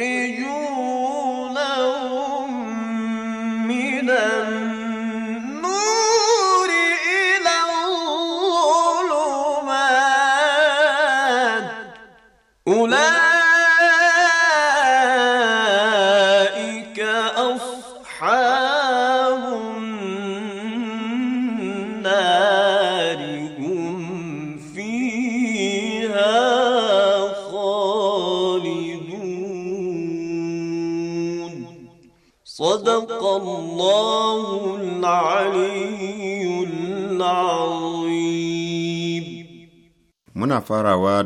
يخرجون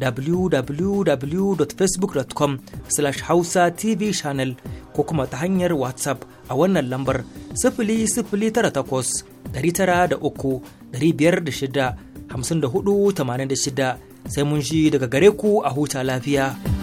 www.facebook.com slash hausa tv channel ko kuma ta hanyar whatsapp a wannan lambar 00983 506 shida sai mun ji daga gare ku a huta lafiya.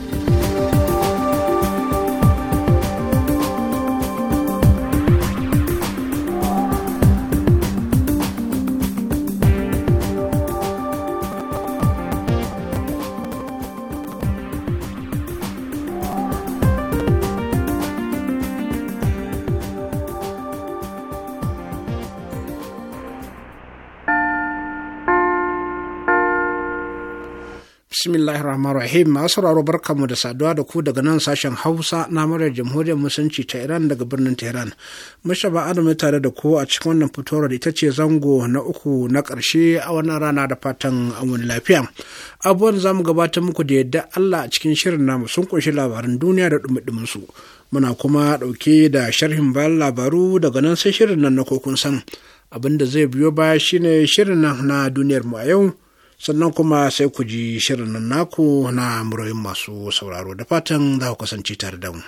rahman rahim masu sauraro barkamu da saduwa da ku daga nan sashen hausa na muryar jamhuriyar musulunci ta iran daga birnin tehran Mashaba adam tare da ku a cikin wannan fitowar da ita ce zango na uku na ƙarshe a wannan rana da fatan amun lafiya abubuwan za mu gabata muku da yadda allah a cikin shirin namu sun kunshi labaran duniya da dumi su muna kuma ɗauke da sharhin bayan labaru daga nan sai shirin nan na kokun san abin da zai biyo baya shine shirin nan na duniyar mu a yau sannan kuma sai ku ji shirin naku na murayin masu sauraro da fatan za ku kasance tare da mu.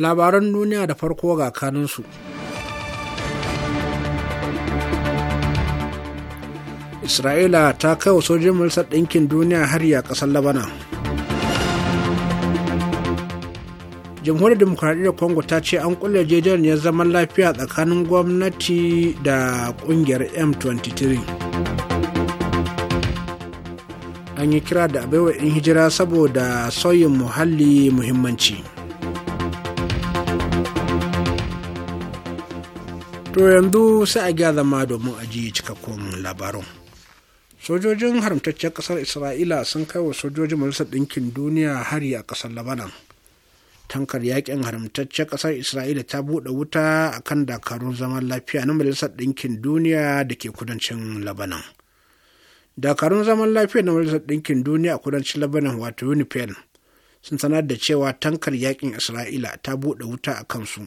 Labaran duniya da farko ga kanunsu. Isra'ila ta kai wa sojin Majalisar Ɗinkin Duniya har ya ƙasar Labanan. jamhuriyar demokuraɗiyyar congo ta ce an kulle ya zaman lafiya tsakanin gwamnati da kungiyar m23 an yi kira da abaiwa in hijira saboda sauyin muhalli muhimmanci to yanzu sai a gyara zama domin a ji cikakkun labarun. sojojin haramtaccen kasar isra'ila sun kai wa sojojin majalisar ɗinkin duniya hari a ƙasar labanan tankar yakin haramtaccen ƙasar isra'ila ta buɗe wuta a kan dakarun zaman lafiya na majalisar ɗinkin duniya da ke kudancin labanan dakarun zaman lafiya na majalisar ɗinkin duniya a kudancin labanan wato unipel sun sanar da cewa tankar yakin isra'ila ta buɗe wuta a kansu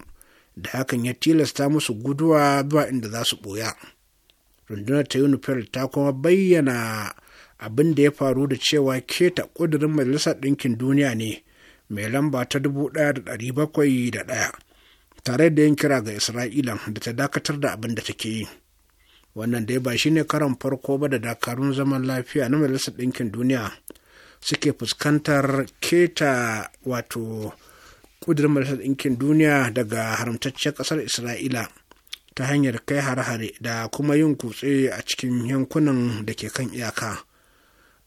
da hakan ya tilasta musu guduwa zuwa inda za su ɓoya rundunar ta unipel ta kuma bayyana abin da ya faru da cewa keta ƙudurin majalisar ɗinkin duniya ne mai lamba ta dubu da bakwai ɗaya, tare da yin kira ga isra'ila da ta dakatar da abin da take yi wannan dai ba shi ne karan farko ba da dakarun zaman lafiya na majalisar ɗinkin duniya suke fuskantar keta wato ƙudurin majalisar ɗinkin duniya daga haramtacciyar ƙasar isra'ila ta hanyar kai hare-hare da kuma yin kutse a cikin yankunan da ke kan iyaka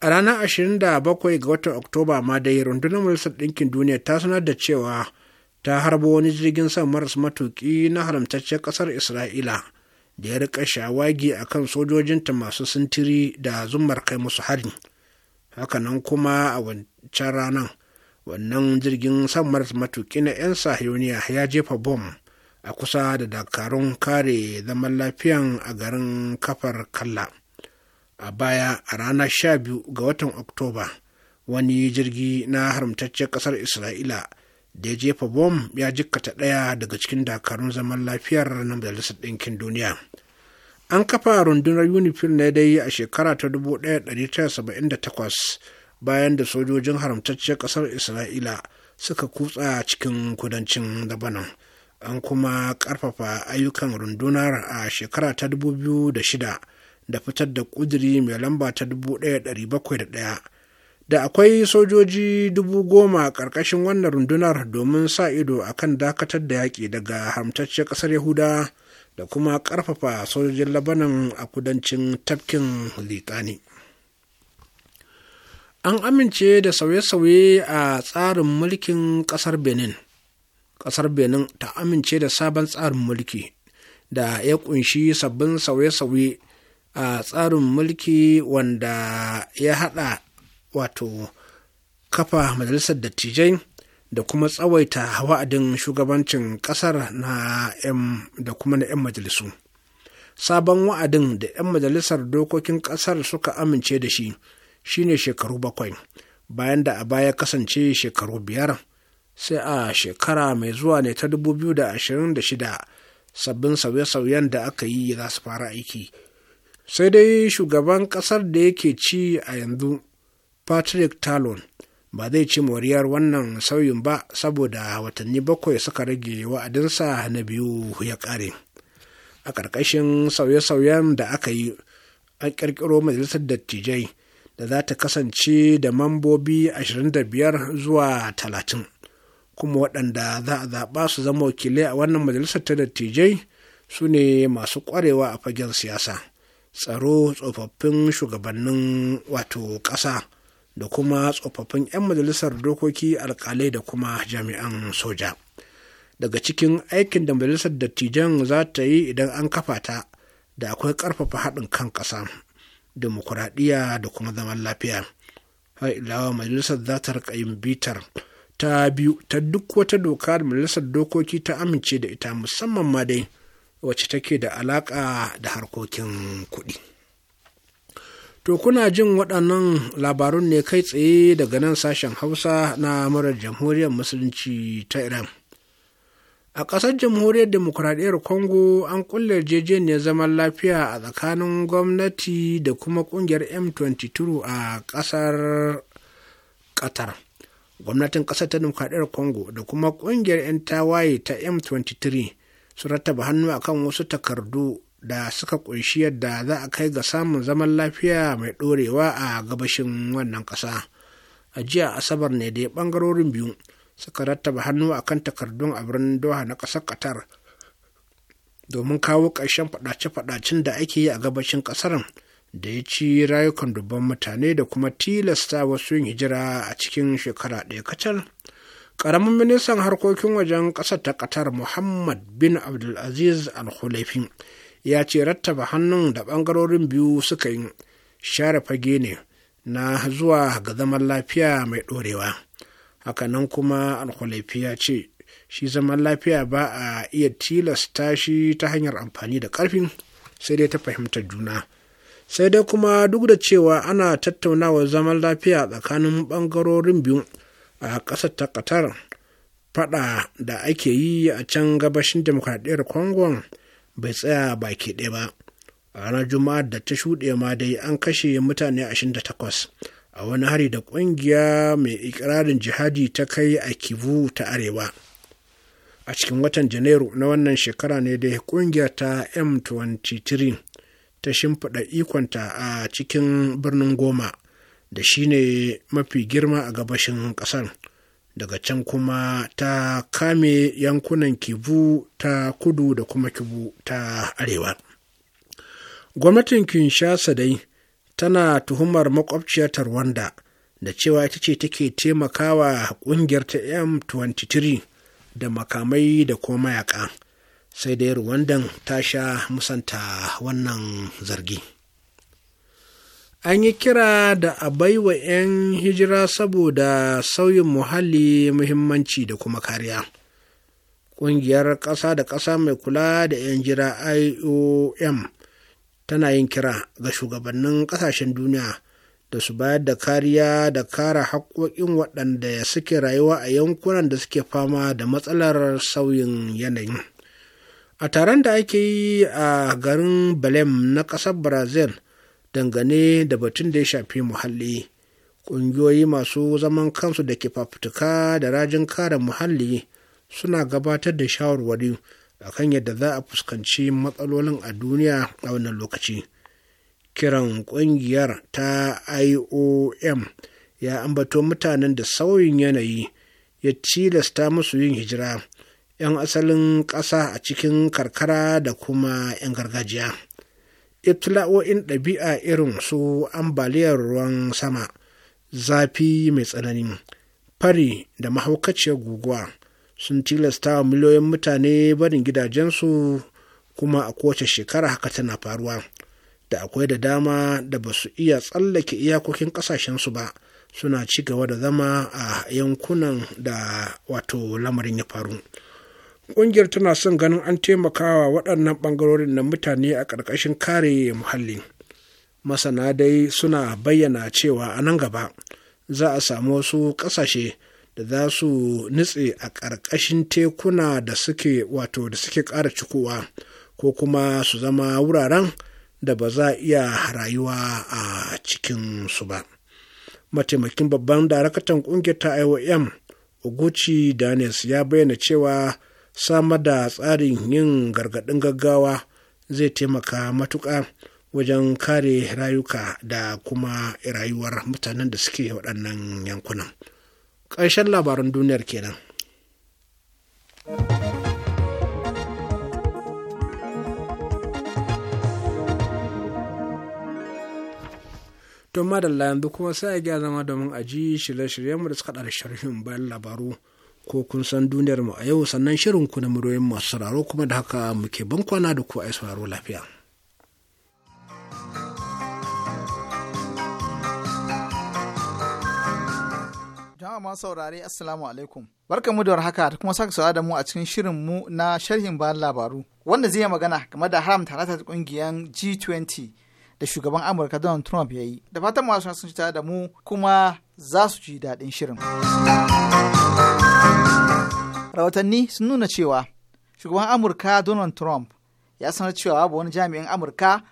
a ranar 27 ga watan oktoba ma dai rundunar majalisar ɗinkin duniya ta sanar da cewa ta harbo wani jirgin sama maras matuƙi na haramtacciyar ƙasar isra'ila da ya rika shawagi a kan sojojinta masu sintiri da zumar kai musu harin hakanan kuma a wancan ranar wannan jirgin sama maras matuƙi na 'yan sahiyoniya ya jefa bom a kusa da dakarun kare zaman lafiyan a garin kafar kalla. a baya a ranar biyu ga watan oktoba wani jirgi na haramtaccen ƙasar isra'ila da ya jefa bom ya jikkata ɗaya daga cikin dakarun zaman lafiyar na majalisar ɗinkin duniya an kafa rundunar unifil ne dai a shekara ta 1978 bayan da sojojin haramtacciyar ƙasar isra'ila suka kutsa cikin kudancin labanan an kuma ƙarfafa ayyukan rundunar a shekara ta 2006 da fitar da ƙudiri mai lamba ta 1,701 da akwai sojoji dubu goma ƙarƙashin wannan rundunar domin sa ido a kan dakatar da yaƙi daga haramtacciyar ƙasar yahuda da kuma ƙarfafa sojojin labanan a kudancin tafkin litani an amince da sauye-sauye a tsarin mulkin ƙasar benin ƙasar benin ta amince da sabon tsarin mulki da ya kunshi sabbin sauye-sauye a tsarin mulki wanda ya haɗa wato kafa majalisar dattijai da kuma tsawaita wa'adin shugabancin ƙasar na da kuma na 'yan majalisu sabon wa'adin da 'yan majalisar dokokin ƙasar suka amince da shi shine shekaru bakwai bayan da a baya kasance shekaru biyar sai a shekara mai zuwa ne ta 2026 sabbin sauye-sauyen da aka yi za su fara aiki. sai dai shugaban ƙasar da yake ci a yanzu patrick talon ba zai ci moriyar wannan sauyin ba saboda watanni bakwai suka rage wa'adinsa na biyu ya kare. a ƙarƙashin sauye-sauyen da aka yi an ƙirƙiro majalisar dattijai da za ta kasance da mambobi 25 zuwa 30 kuma waɗanda za a zaɓa su zama wakilai a wannan majalisar ta dattijai su ne masu ƙwarewa a fagen siyasa tsaro tsofaffin shugabannin wato ƙasa da kuma tsofaffin 'yan majalisar dokoki alkalai da kuma jami'an soja daga cikin aikin da majalisar dattijan za ta yi idan an kafa ta da akwai ƙarfafa haɗin kan ƙasa demokuraɗiyya da kuma zaman lafiya har ilawa majalisar za ta riƙa yin bitar ta biyu ta duk wata doka da majalisar dokoki ta amince da ita musamman ma dai wacce take da alaƙa da harkokin kuɗi. To kuna jin waɗannan labarun ne kai tsaye daga nan sashen Hausa na murar jamhuriyar Musulunci ta Iran. A ƙasar jamhuriyar demokuraɗiyyar Congo an kulle yarjejeniyar zaman lafiya a tsakanin gwamnati da kuma ƙungiyar M23 a ƙasar Qatar. Gwamnatin ƙasar ta demokuraɗiyyar Congo da kuma ƙungiyar 'yan tawaye ta M23 su rattaba hannu a kan wasu takardu da suka kunshi yadda za a kai ga samun zaman lafiya mai ɗorewa a gabashin wannan ƙasa a jiya asabar ne da ɓangarorin biyu suka rattaba hannu a kan takardun a birnin doha na ƙasar qatar domin kawo ƙarshen faɗace-faɗacen da ake yi a gabashin ƙasar da ya ci rayukan dubban mutane da kuma tilasta wasu yin hijira a cikin shekara ɗaya kacal ƙaramin ministan harkokin wajen ƙasar ta qatar muhammad bin abdulaziz al-khulaifi ya ce rattaba hannun da ɓangarorin biyu suka yi share fage ne na zuwa ga zaman lafiya mai ɗorewa hakanan kuma alkhulaifi ya ce shi zaman lafiya ba a iya tilasta shi ta hanyar amfani da ƙarfi sai dai ta fahimtar juna sai dai kuma duk da cewa ana tattaunawa zaman lafiya tsakanin ɓangarorin biyu a ƙasar ta qatar fada da ake yi a can gabashin demokradiyyar congo bai tsaya baki ɗaya ba a ranar juma'ar da ta shuɗe ma dai an kashe mutane 28 a wani hari da ƙungiya mai ikirarin jihadi ta kai a kivu ta arewa a cikin watan janairu na wannan shekara ne dai ƙungiyar ta m23 ta shimfiɗa ikonta a cikin birnin goma da shi ne mafi girma a gabashin ƙasar daga can kuma ta kame yankunan kivu ta kudu da kuma kivu ta arewa gwamnatin kinshasa dai tana tuhumar makwabciyar rwanda da cewa ita ce take taimakawa kungiyar ta m23 da makamai da kuma mayaka sai dai rwandan ta sha musanta wannan zargi an yi kira da a baiwa 'yan hijira saboda sauyin muhalli muhimmanci da kuma kariya ƙungiyar ƙasa da ƙasa mai kula da 'yan jira iom tana yin kira ga shugabannin ƙasashen duniya da su bayar da kariya da kara haƙoƙin waɗanda suke rayuwa a yankunan da suke fama da matsalar sauyin yanayin a taron da ake yi a garin belem na ƙasar brazil dangane da batun da ya shafi muhalli ƙungiyoyi masu zaman kansu da ke fafutuka da rajin kare muhalli suna gabatar da shawarwari a kan yadda za a fuskanci matsalolin a duniya a wannan lokaci kiran ƙungiyar ta iom ya ambato mutanen da sauyin yanayi ya tilasta musu yin hijira 'yan asalin ƙasa a cikin karkara da kuma 'yan gargajiya itla'o'in ɗabi'a irin su ambaliyar ruwan sama zafi mai tsanani fari da mahaukaciyar guguwa sun tilasta wa miliyoyin mutane barin gidajensu kuma a kowace shekara haka tana faruwa da akwai da dama da ba su iya tsallake iyakokin ƙasashensu ba suna ci gaba da zama a yankunan da wato lamarin ya faru. ƙungiyar tana son ganin an taimakawa waɗannan ɓangarorin na mutane a ƙarƙashin kare muhalli masana dai suna bayyana cewa a nan gaba za a samu wasu ƙasashe da za su nutse a ƙarƙashin tekuna da suke wato da suke ƙara cikowa ko kuma su zama wuraren da ba za a iya rayuwa a cikinsu ba mataimakin babban darakatan ƙungiyar ta iom oguchi daniels ya bayyana cewa samar da tsarin yin gargaɗin gaggawa zai taimaka matuƙa wajen kare rayuka da kuma rayuwar mutanen da suke waɗannan yankunan ƙarshen labaran duniyar kenan. tun madalla yanzu kuma sai a gya zama domin a ji shirye-shiryenmu da suka da sharhin bayan labaru ko kun san duniyar mu a yau sannan shirin ku na muryoyin masu sauraro kuma da haka muke ban kwana da ku a sauraro lafiya. Jama'a ma saurare Assalamu alaikum. Barka mu da warhaka da kuma saka saurara da mu a cikin shirin mu na sharhin bayan labaru wanda zai yi magana game da haramta da kungiyar G20 da shugaban Amurka Donald Trump ya yi. Da fatan masu sun ci da mu kuma za su ji daɗin shirin. rahotanni sun nuna cewa shugaban amurka donald trump ya sanar cewa babu wani jami'in amurka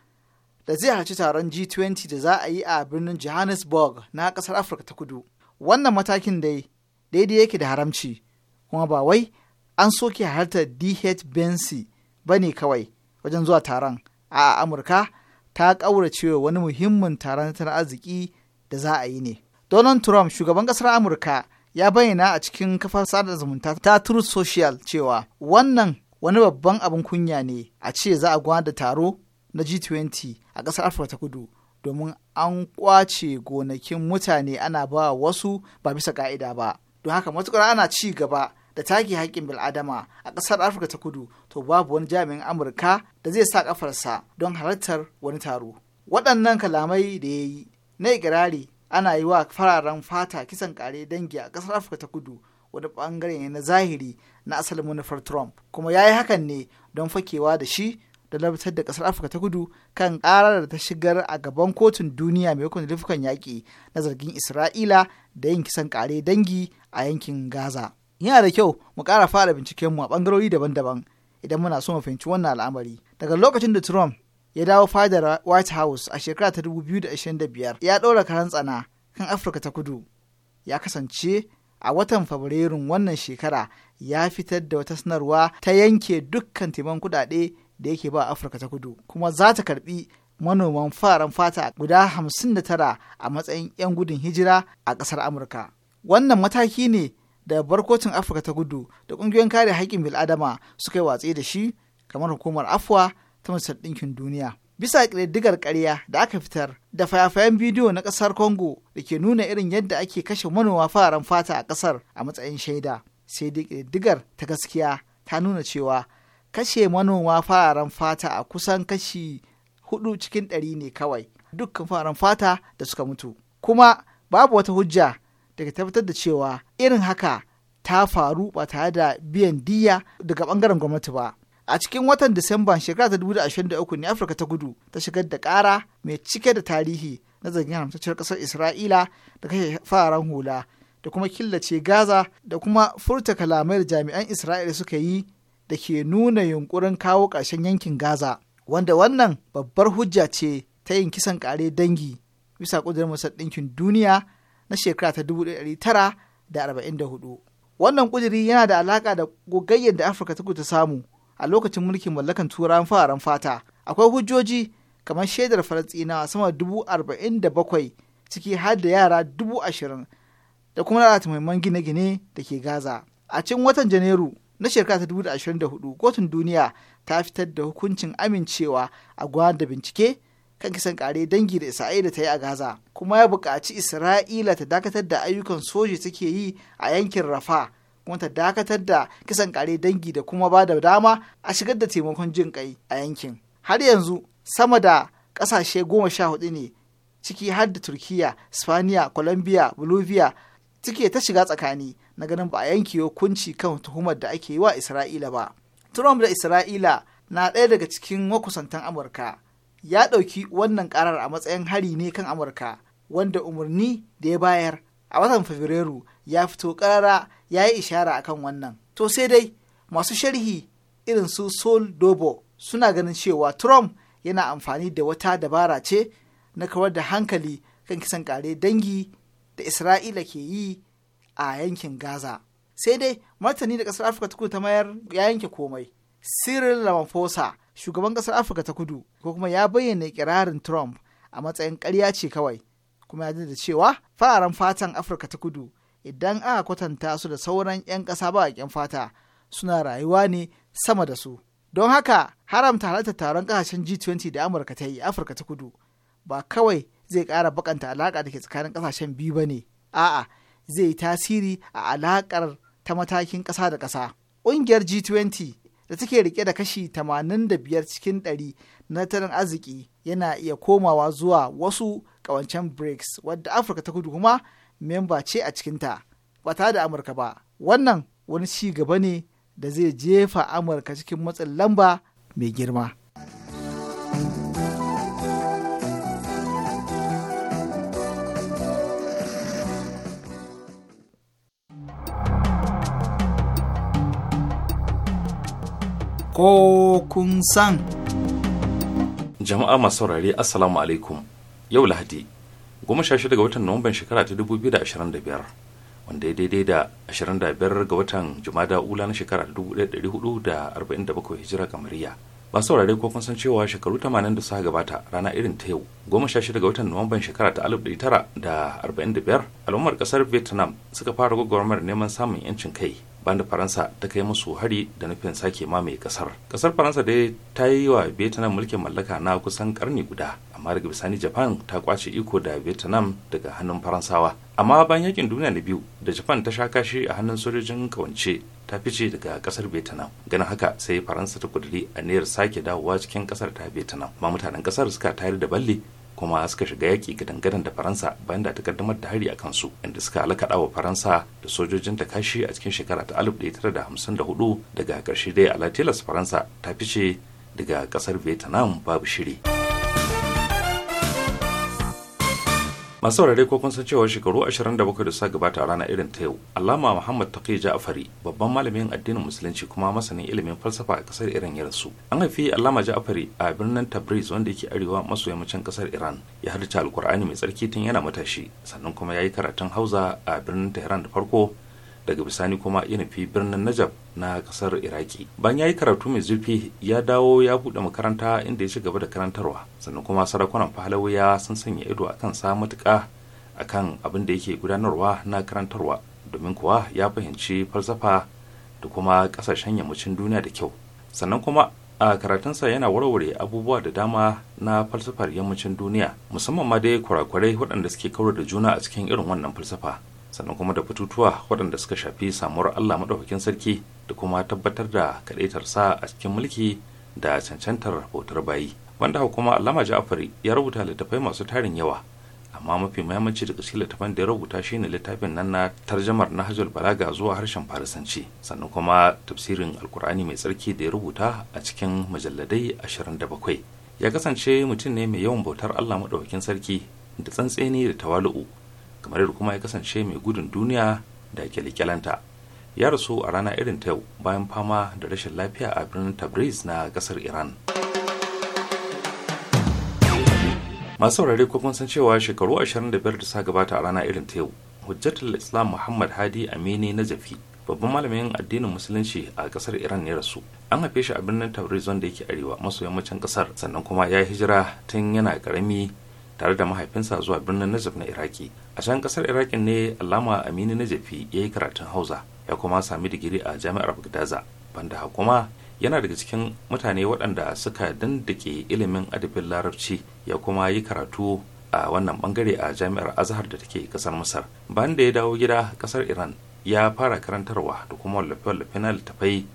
da zai halarci taron g20 da za a yi a birnin johannesburg na kasar afirka ta kudu wannan matakin dai daidai yake da haramci kuma ba wai an soke halartar dh bensi ba ne kawai wajen zuwa taron a amurka ta cewa wani muhimmin taron tattalin arziki da za a yi ne donald trump shugaban kasar amurka ya bayyana a cikin kafar sada zumunta ta Truth Social cewa wannan wani babban abin kunya ne a ce za a gwada taro na G20 a ƙasar Afirka ta Kudu domin an kwace gonakin mutane ana ba wasu ba bisa ka'ida ba. Don haka matuƙar ana ci gaba da take haƙƙin bil'adama a ƙasar Afirka ta Kudu to babu wani jami'in Amurka da zai sa ƙafarsa don halartar wani taro. Waɗannan kalamai da ya yi na ikirari ana yi wa fararen fata kisan kare dangi a ƙasar afirka ta kudu wani bangare ne na zahiri na asalin manufar trump kuma ya yi hakan ne don fakewa da shi da labtar da kasar afirka ta kudu kan ƙarar da ta shigar a gaban kotun duniya mai hukunta laifukan yaƙi na zargin isra'ila da yin kisan kare dangi a yankin gaza yana da kyau mu kara fara mu a bangarori daban-daban idan muna so mu fahimci wannan al'amari daga lokacin da trump ya dawo fadar White House a shekara ta 2025 ya ɗora karan tsana kan Afirka ta kudu. Ya kasance a watan Fabrairun wannan shekara ya fitar da wata sanarwa ta yanke dukkan timan kudade da yake ba Afirka ta kudu kuma za ta karbi manoman faran fata guda 59 a matsayin 'yan gudun hijira a ƙasar Amurka. Wannan mataki ne da barkocin Afirka ta kudu da ƙungiyoyin kare haƙƙin bil'adama suka yi watsi da shi kamar hukumar Afwa ta Majalisar Ɗinkin Duniya. Bisa ƙididdigar ƙarya da aka fitar da fayafayen bidiyo na ƙasar Congo da ke nuna irin yadda ake kashe manoma fararen fata a ƙasar a matsayin shaida. Sai dai ƙididdigar ta gaskiya ta nuna cewa kashe manoma fararen fata a kusan kashi hudu cikin ɗari ne kawai dukkan fararen fata da suka mutu. Kuma babu wata hujja daga tabbatar da cewa irin haka ta faru ba tare da biyan diya daga ɓangaren gwamnati ba. a cikin watan disamban shekara ta 2023 ne afirka ta gudu ta shigar da ƙara mai cike da tarihi na zargin haramtacciyar ƙasar isra'ila da kashe fararen hula da kuma killace gaza da kuma furta kalamai da jami'an isra'ila suka yi da ke nuna yunkurin kawo ƙarshen yankin gaza wanda wannan babbar hujja ce ta yin kisan ƙare dangi bisa ƙudurin masar ɗinkin duniya na shekara ta 1944 wannan ƙuduri yana da alaƙa da gogayyar da afirka ta ta samu a lokacin mulkin mallakan Turan fararen fata akwai hujjoji kamar shaidar falastina sama dubu arba'in da bakwai ciki har da yara dubu ashirin da kuma lalata muhimman gine-gine da ke gaza a cikin watan janairu na shekara ta dubu da ashirin da hudu kotun duniya ta fitar da hukuncin amincewa a gwanar da bincike kan kisan kare dangi da isra'ila ta yi a gaza kuma ya buƙaci isra'ila ta dakatar da ayyukan soji take yi a yankin rafa kuma ta dakatar da kisan kare dangi da kuma ba da dama a shigar da taimakon jin kai a yankin har yanzu sama da kasashe goma sha hudu ne ciki har da turkiya spaniya colombia bolivia suke ta shiga tsakani na ganin ba a yanke hukunci kan tuhumar da ake yi wa isra'ila ba trump da isra'ila na ɗaya daga cikin makusantan amurka ya ɗauki wannan karar a matsayin hari ne kan amurka wanda umarni da ya bayar a watan fabrairu ya fito karara ya yi ishara akan wannan to sai dai masu sharhi irin su sol dobo suna ganin cewa trump yana amfani da wata dabara ce na kawar da hankali kan kisan kare dangi da isra'ila ke yi a yankin gaza sai dai martani da kasar afirka ta kudu ta mayar ya yanke komai cyril ramaphosa shugaban kasar afirka ta kudu ko kuma ya bayyana ikirarin trump a matsayin ƙarya ce kawai kuma ya da cewa fararen fatan afirka ta kudu idan aka kwatanta su da sauran 'yan ƙasa ba baƙin fata suna rayuwa ne sama da su. Don haka haramta halartar taron ƙasashen G20 da Amurka ta yi Afirka ta kudu ba kawai zai ƙara bakanta alaƙa da ke tsakanin ƙasashen biyu ba ne, a'a zai yi tasiri a alaƙar ta matakin ƙasa da ƙasa. Ƙungiyar G20 da take rike da kashi 85 cikin 100 na tattalin arziki yana iya komawa zuwa wasu ƙawancen BRICS wadda Afirka ta kudu kuma memba ce a cikinta ba ta da amurka ba wannan wani ci gaba ne da zai jefa amurka cikin matsin lamba mai girma ko kun san jama'a masu saurare assalamu alaikum yau lahadi goma sha shida ga watan nuwamban shekara ta dubu biyu da ashirin da biyar wanda ya daidai da ashirin da biyar ga watan jumada ula na shekara dubu ɗaya ɗari hudu da arba'in da bakwai hijira kamariya ba saurare ko kun san cewa shekaru tamanin da suka gabata rana irin ta yau goma sha shida ga watan nuwamban shekara ta alif ɗari tara da arba'in da biyar al'ummar ƙasar vietnam suka fara gwagwarmar neman samun yancin kai banda faransa ta kai musu hari da nufin sake ma mai kasar kasar faransa dai ta yi wa vietnam mulkin mallaka na kusan karni guda amma daga bisani japan ta kwace iko da vietnam daga hannun faransawa amma bayan yakin duniya na biyu da japan ta sha kashi a hannun sojojin kawance ta fice daga kasar vietnam ganin haka sai faransa ta kuduri aniyar sake dawowa cikin kasar ta vietnam amma mutanen kasar suka tayar da balle kuma suka shiga yaƙi gadangadan da faransa bayan da ta kaddamar da hari a kansu inda suka alakaɗa wa faransa da sojojin ta kashi a cikin shekara ta 1954 daga ƙarshe dai alatilas faransa ta fice daga ƙasar vietnam babu shiri. masu saurare ko kun san cewa shekaru 27 da suka gabata a rana irin ta yau alama muhammad taqi ja'fari babban malamin addinin musulunci kuma masanin ilimin falsafa a kasar iran ya rasu an haifi allama ja'fari a birnin tabriz wanda yake arewa maso yammacin kasar iran ya harta alkur'ani mai tsarki tun yana matashi sannan kuma ya yi karatun hausa a birnin tehran da farko daga bisani kuma ya nufi birnin najab na kasar iraki Ban ya yi karatu mai zurfi ya dawo ya buɗe makaranta inda ya shiga gaba da karantarwa sannan kuma sarakunan falawiya sun sanya ido akan sa matuka akan abin da yake gudanarwa na karantarwa domin kuwa ya fahimci falsafa da kuma ƙasashen yammacin duniya da kyau sannan kuma a karatunsa yana warware abubuwa da dama na falsafar yammacin duniya musamman ma dai kurakurai waɗanda suke kawar da juna a cikin irin wannan falsafa sannan kuma da batutuwa waɗanda suka shafi samuwar allah maɗaukakin sarki da kuma tabbatar da kaɗaitar sa a cikin mulki da cancantar bautar bayi wanda kuma alama ja'afari ya rubuta littattafai masu tarin yawa amma mafi muhimmanci daga cikin littafin da ya rubuta shine littafin nan na tarjamar Hajjul balaga zuwa harshen farisanci sannan kuma tafsirin alkur'ani mai tsarki da ya rubuta a cikin mujalladai 27 ya kasance mutum ne mai yawan bautar Allah maɗaukin sarki da tsantseni da tawali'u kamar yadda kuma ya kasance mai gudun duniya da kyalkyalanta ya rasu a rana irin ta yau bayan fama da rashin lafiya a birnin tabriz na kasar iran masu saurare ko kun san cewa shekaru 25 da sa gabata a rana irin ta yau hujjatul islam muhammad hadi amini na jafi babban malamin addinin musulunci a kasar iran ne rasu an haife shi a birnin tabriz wanda yake arewa maso yammacin kasar sannan kuma ya hijira tun yana karami tare da mahaifinsa zuwa birnin najaf na iraki a can kasar iraki ne alama aminu najafi ya yi karatun hausa ya kuma sami digiri a jami'ar bagdaza banda kuma yana daga cikin mutane waɗanda suka dandake ilimin adabin larabci ya kuma yi karatu a wannan bangare a jami'ar azhar da take kasar masar bayan da ya dawo gida kasar iran ya fara karantarwa da kuma wallafe-wallafe na littafai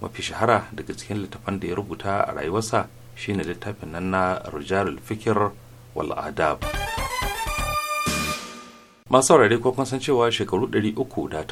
mafi shahara daga cikin littafan da ya rubuta a rayuwarsa shine littafin nan na rujarul fikir wal'adab. masu saurare ko kun san cewa shekaru 382 da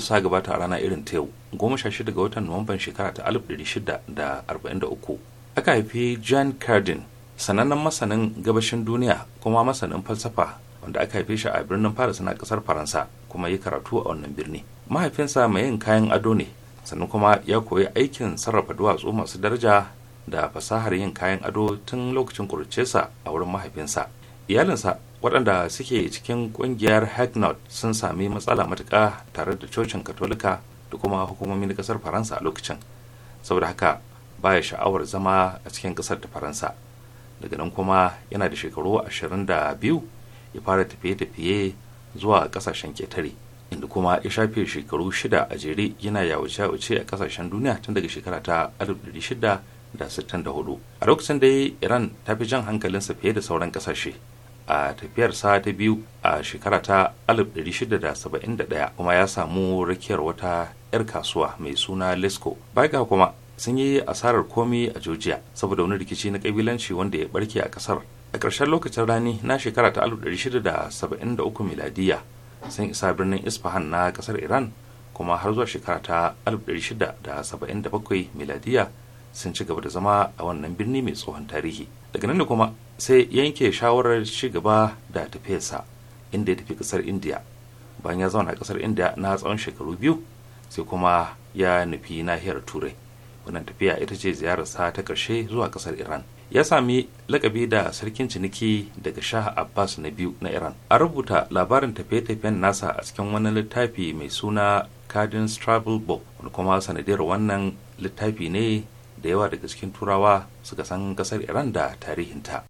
sa gabata a rana irin ta yau 16 ga watan nuwamban shekara ta 1643 aka haifi john cardin sanannen masanin gabashin duniya kuma masanin falsafa wanda aka haife shi a birnin paris na kasar faransa kuma yi karatu a wannan birni mahaifinsa mai yin kayan ado ne sannan kuma ya koyi aikin sarrafa duwatsu masu daraja da fasahar yin kayan ado tun lokacin kurcesa a wurin mahaifinsa iyalinsa waɗanda suke cikin ƙungiyar hagnot sun sami matsala matuƙa tare da cocin katolika da kuma hukumomin ƙasar faransa a lokacin saboda haka baya sha'awar zama a cikin ƙasar ta faransa daga nan kuma yana da shekaru ashirin da biyu ya fara tafiye-tafiye zuwa ƙasashen ƙetare. inda kuma ya shafe shekaru shida a jere yana yawace-yawace a ƙasashen duniya tun daga shekara ta shida da 64 a lokacin da iran ta fi jan hankalinsa fiye da sauran kasashe a tafiyarsa ta biyu a shekara ta 1671 kuma ya samu rakiyar wata 'yar kasuwa mai suna lesko baga kuma sun yi asarar komi a georgia saboda wani rikici na kabilanci wanda ya barke a kasar a ƙarshen lokacin rani na shekara ta 1673 miladiya sun isa birnin isfahan na kasar iran kuma har zuwa shekara ta 1677 miladiya sun ci gaba da zama a wannan birni mai tsohon tarihi daga nan da kuma sai yanke shawarar ci gaba da tafiyarsa inda ya tafi kasar india bayan ya zauna a kasar india na tsawon shekaru biyu sai kuma ya nufi nahiyar turai wannan tafiya ita ce ziyararsa ta karshe zuwa kasar iran ya sami lakabi da sarkin ciniki daga shah abbas na biyu na iran a rubuta labarin tafiye-tafiyen nasa a cikin wani littafi mai suna cardin travel book wani kuma sanadiyar wannan littafi ne da yawa daga cikin turawa suka san kasar iran da tarihinta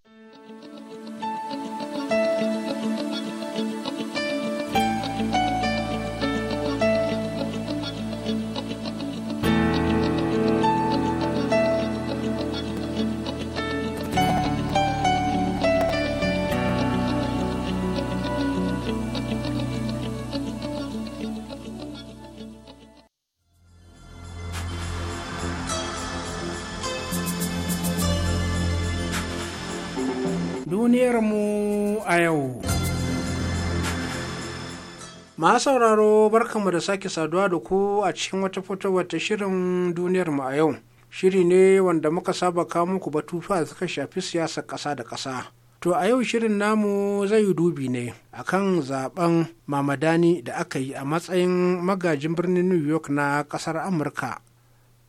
Ma sauraro barkanmu da sake saduwa da ku a cikin wata fitowar wata shirin duniyar mu a yau. Shiri ne wanda muka saba kawo muku batutuwa da suka shafi siyasar ƙasa da ƙasa. To a yau shirin namu zai yi dubi ne akan zaben Mamadani da aka yi a matsayin magajin birnin New York na ƙasar Amurka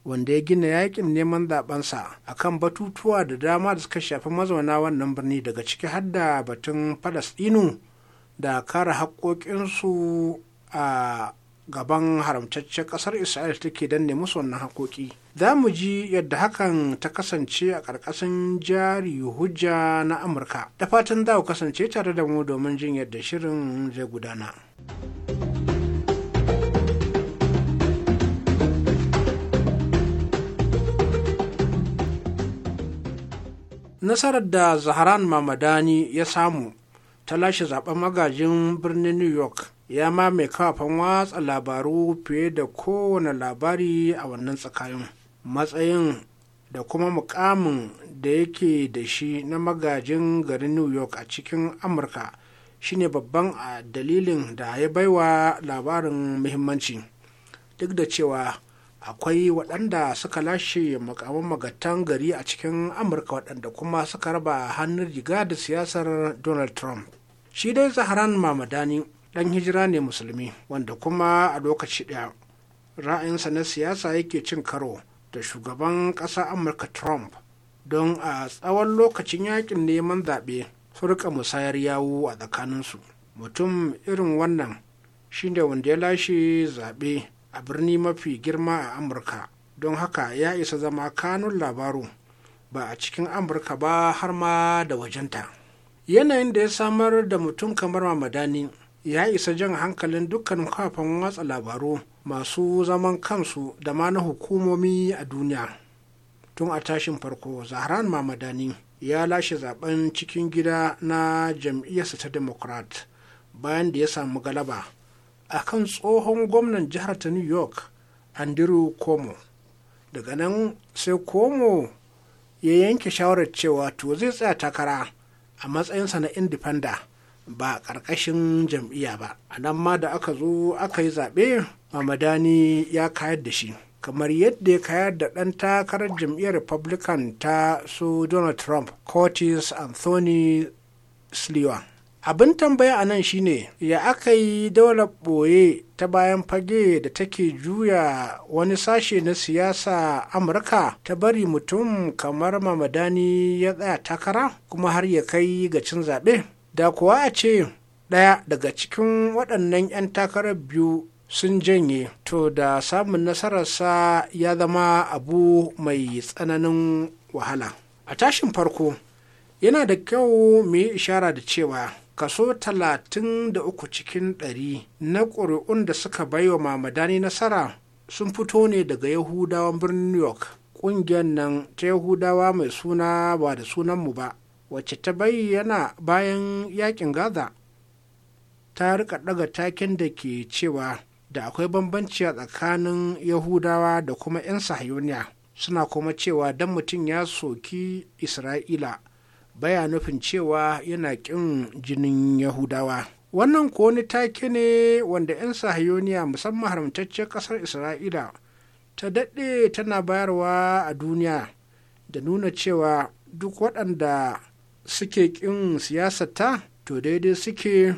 wanda ya gina yakin neman zabensa kan batutuwa da dama da suka shafi mazauna wannan birni daga ciki har da batun Falasɗinu da kare haƙoƙinsu a gaban haramtaccen ƙasar isra'il take danne musu wannan haƙoƙi za mu ji yadda hakan ta kasance a ƙarƙashin jari hujja na amurka da fatan za ku kasance tare da mu domin jin yadda shirin zai gudana. nasarar da zaharan mamadani ya samu ta lashe zaben magajin birnin new york ya ma mai kafan watsa labaru fiye da kowane labari a wannan tsakanin matsayin da kuma mukamin da yake da shi na magajin garin new york a cikin amurka shine babban a dalilin da ya baiwa labarin muhimmanci duk da cewa akwai waɗanda suka lashe makaman magatan gari a cikin amurka waɗanda kuma suka raba hannun riga da siyasar donald trump shi dai zaharan mamadani ɗan hijira ne musulmi wanda kuma a lokaci ɗaya ra'ayinsa na siyasa yake cin karo da shugaban ƙasa amurka trump don a tsawon lokacin yakin neman zaɓe furka musayar yawo a tsakaninsu mutum irin wannan shine wanda ya lashe zaɓe a birni mafi girma a amurka don haka ya isa zama kanun labaru ba a cikin amurka ba har ma da wajenta. yanayin da ya samar da mutum kamar mamadani ya isa jan hankalin dukkan kafan watsa labaru masu zaman kansu da ma na hukumomi a duniya tun a tashin farko zahran mamadani ya lashe zaben cikin gida na jam'iyyarsa ta democrat bayan da ya samu galaba a kan tsohon gwamnan jihar ta new york andrew cuomo daga nan sai cuomo ya yanke shawarar cewa to zai tsaya takara a matsayinsa na indipenda ba ƙarƙashin jam'iyya ba a nan ma da aka zo aka yi zaɓe mamadani ya kayar da shi kamar yadda ya kayar da ɗan takarar jam'iyyar republican ta su donald trump curtis anthony sliwa abin tambaya a nan shine ya aka yi daula ɓoye ta bayan fage da take juya wani sashe na siyasa amurka ta bari mutum kamar mamadani ya tsaya takara kuma har ya kai ga cin zaɓe da kuwa a ce ɗaya daga cikin waɗannan 'yan takarar biyu sun janye to da samun nasararsa ya zama abu mai tsananin wahala a tashin farko yana da kyau mu yi ishara da cewa kaso 33 cikin 100 na ƙuri'un da suka bai wa mamadani nasara sun fito ne daga yahudawan birnin new york ƙungiyar nan ta yahudawa mai suna ba da sunanmu ba wacce ta bayyana bayan yakin gaza ta rika daga takin da ke cewa da akwai bambanci a tsakanin yahudawa da kuma 'yan sahayoniya suna kuma cewa don mutum ya soki isra'ila baya nufin cewa yana ƙin jinin yahudawa wannan ko wani take ne wanda 'yan sahayoniya musamman haramtaccen ƙasar isra'ila ta daɗe tana bayarwa a duniya da nuna cewa duk waɗanda suke ƙin siyasata to daidai suke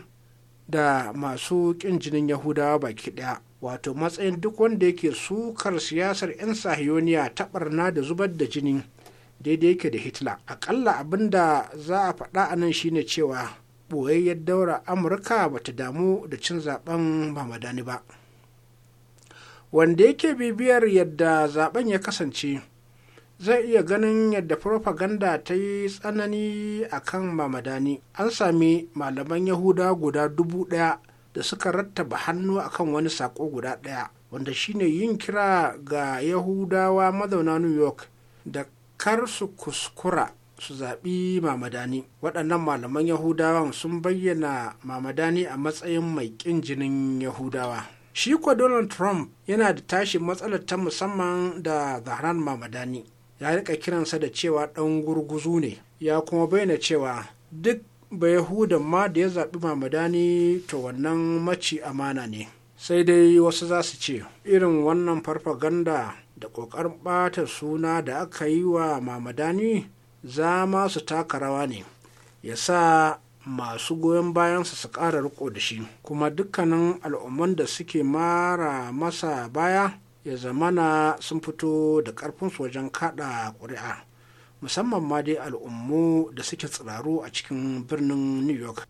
da masu ƙin jinin yahudawa baki ɗaya wato matsayin duk wanda yake sukar siyasar 'yan sahiyoniya ta ɓarna da zubar da jini daidai yake da hitler akalla abin da za a faɗa a nan shine cewa ɓoyayyar daura amurka ba ta damu da cin zaben mamadani ba wanda yake bibiyar yadda zaben ya kasance zai iya ganin yadda propaganda ta yi tsanani a kan mamadani an sami malaman yahuda guda dubu ɗaya da suka rattaba hannu akan wani sako guda ɗaya wanda shine yin kira ga yahudawa mazauna new york da kar su kuskura su zaɓi mamadani waɗannan malaman yahudawan sun bayyana mamadani a matsayin mai ƙin jinin yahudawa shi kuwa donald trump yana da tashi matsalar ta musamman da zahran mamadani ya rika kiransa da cewa ɗan gurguzu ne ya kuma bayyana cewa duk bayahudan ma da ya zaɓi mamadani to wannan maci amana ne sai dai wasu za su ce irin wannan farfaganda da ƙoƙarin ɓatar suna da aka yi wa mamadani za ma su taka rawa ne ya sa masu goyon bayansa su ƙara riko da shi kuma dukkanin al'umman da suke mara masa baya ya zamana sun fito da ƙarfinsu wajen kaɗa ƙuri'a musamman ma dai al'ummu da suke tsiraru a cikin birnin new york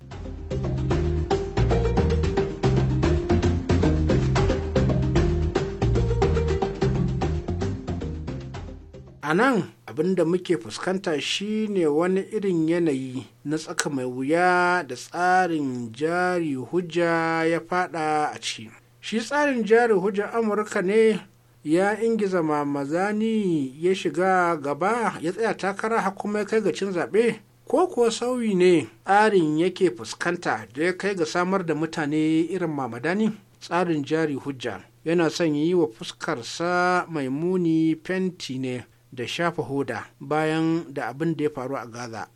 a nan abin da muke fuskanta shine wani irin yanayi na tsaka mai wuya da tsarin jari hujja ya fada a ciki shi tsarin jari hujja amurka ne ya ingiza mamazani ya shiga gaba ya tsaya takara har kuma ya kai ga cin zaɓe ko kuwa sauyi ne tsarin yake fuskanta da ya kai ga samar da mutane irin mamadani tsarin jari hujja yana son yi wa fuskarsa mai muni fenti ne da shafa hoda bayan da abin da ya faru a gaza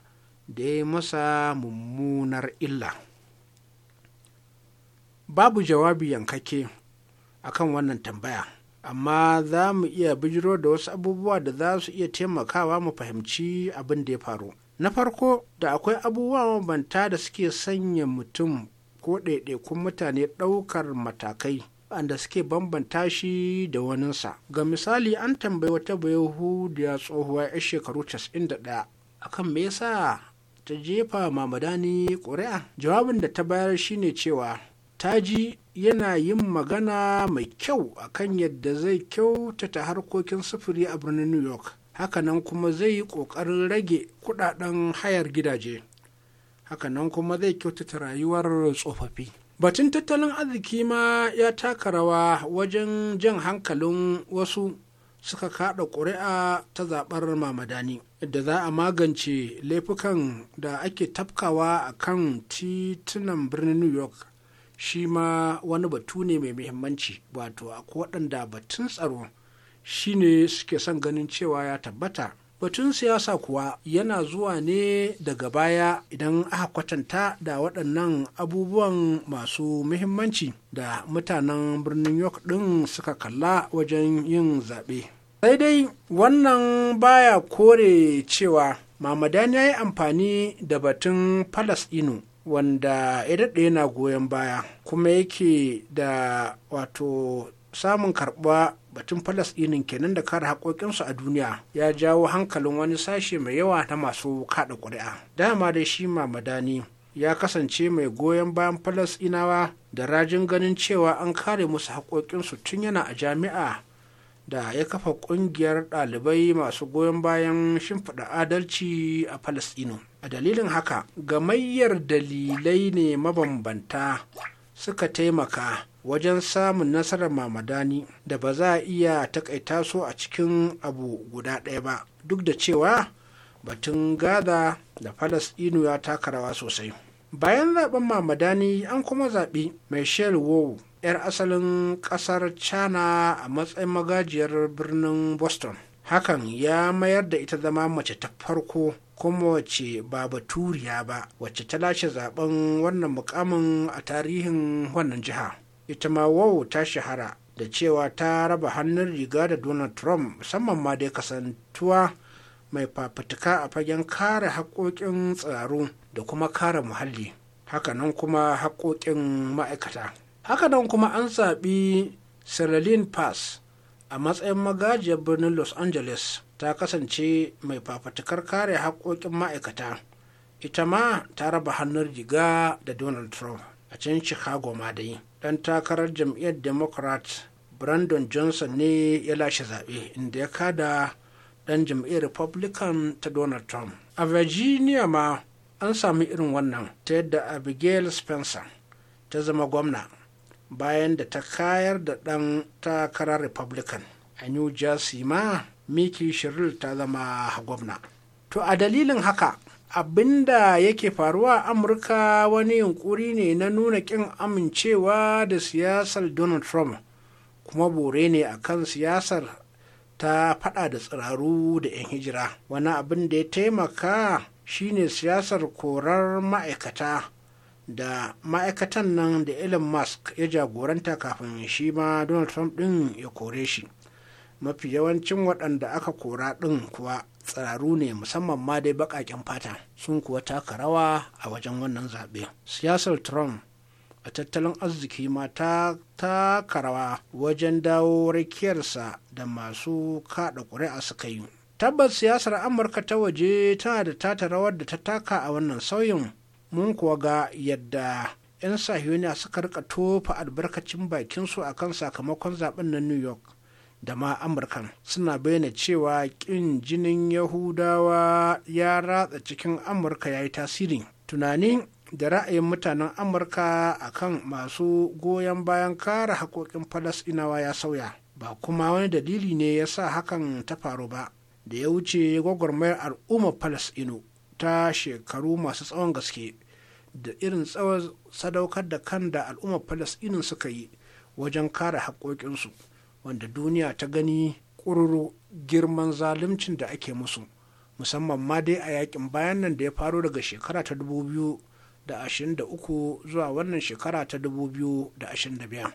da ya yi masa mummunar illa babu jawabi yankake akan wannan tambaya amma za mu iya bijiro da wasu abubuwa da za su iya taimakawa mu fahimci abin da ya faru na farko da akwai abubuwa mabanta da suke sanya mutum ko ɗaiɗaikun mutane ɗaukar matakai da suke bambanta shi da waninsa ga misali an tambayi wata da ya tsohuwa 'yar shekaru 91 akan me yasa ta jefa mamadani ƙuri'a jawabin da ta bayar shine cewa Taji yana yin magana mai kyau akan yadda zai kyautata harkokin sufuri a birnin new york hakanan kuma zai yi ƙoƙarin rage kuɗaɗen hayar gidaje hakanan kuma zai kyautata rayuwar tsofaffi batun tattalin arziki ma ya taka rawa wajen jan hankalin wasu suka kaɗa ƙuri'a ta zaɓar mamadani da za a magance laifukan da ake tafkawa a kan titunan birnin new york shi ma wani batu ne mai muhimmanci wato akwai waɗanda batun tsaro shi ne suke son ganin cewa ya tabbata batun siyasa kuwa yana zuwa ne daga baya idan aka kwatanta da waɗannan abubuwan masu muhimmanci da mutanen birnin york ɗin suka kalla wajen yin zaɓe sai dai wannan baya kore cewa mamadan ya yi amfani da batun falasɗinu wanda ya daɗe yana goyon baya kuma yake da wato samun karɓa batun falasɗinin kenan da kare haƙoƙinsu a duniya ya jawo hankalin wani sashe mai yawa na masu kaɗa ƙuri'a dama da shi mamadani ya kasance mai goyon bayan falasɗinawa da rajin ganin cewa an kare musu haƙoƙinsu tun yana a jami'a da ya kafa ƙungiyar ɗalibai masu goyon bayan shimfiɗa adalci a falasɗinu a dalilin haka gamayyar dalilai ne mabambanta suka taimaka wajen samun nasarar mamadani da ba za a iya takaita su a cikin abu guda ɗaya ba duk da cewa batun gaza da falasɗinu ya taka rawa sosai bayan zaben mamadani an kuma zaɓi michelle wow 'yar asalin ƙasar china a matsayin magajiyar birnin boston hakan ya mayar da ita zama mace ta farko kuma wace ba baturiya ba wacce ta lashe zaben wannan mukamin a tarihin wannan jiha ita ma wau ta shahara da cewa ta raba hannun riga da donald trump musamman ma dai kasantuwa mai fafutuka a fagen kare haƙoƙin tsaro da kuma kare muhalli hakanan kuma haƙoƙin ma'aikata hakanan kuma an zaɓi Celine pass a matsayin magajiyar birnin los angeles ta kasance mai fafutukar kare haƙoƙin ma'aikata ita ma ta raba hannun riga da donald trump a can chicago ma dai ɗan takarar jam'iyyar democrat brandon johnson ne ya lashe zaɓe inda ya kada ɗan jam'iyyar republican ta donald trump a virginia ma an sami irin wannan ta yadda abigail spencer ta zama gwamna bayan da ta kayar da ɗan takarar republican a new jersey ma miki shiril ta zama gwamna to a dalilin haka abin da yake faruwa a amurka wani yunkuri ne na nuna kin amincewa da siyasar donald trump kuma bore ne akan siyasar ta fada da tsiraru da 'yan hijira wani abin da ya taimaka shine siyasar korar ma'aikata da ma'aikatan nan da elon musk ya jagoranta kafin shi ma donald trump din ya kore shi mafi yawancin waɗanda aka kora ɗin kuwa Tsaru ne musamman ma dai baƙaƙen fata sun kuwa taka rawa a wajen wannan zaɓe siyasar trump a tattalin arziki ma ta taka rawa wajen dawo rakiyarsa da masu kaɗa ƙuri'a suka yi tabbas siyasar amurka ta waje tana da tata rawar da ta taka a wannan sauyin mun kuwa ga yadda 'yan sahiyoniya suka rika tofa albarkacin bakinsu akan sakamakon zaɓen na new york da ma amurkan suna bayyana cewa ƙin jinin yahudawa ya ratsa cikin amurka ya yi tasiri tunani da ra'ayin mutanen amurka akan masu goyon bayan kare haƙoƙin falasɗinawa ya sauya ba kuma wani dalili ne ya sa hakan ta faru ba da ya wuce gwagwarmayar al'ummar falasɗinu ta shekaru masu tsawon gaske da irin tsawon sadaukar da kan da al'ummar falasɗinin suka yi wajen kare haƙoƙinsu wanda duniya ta gani ƙururu girman zaluncin da ake musu musamman ma dai a yakin bayan nan da ya faru daga shekara ta da uku zuwa wannan shekara ta 2025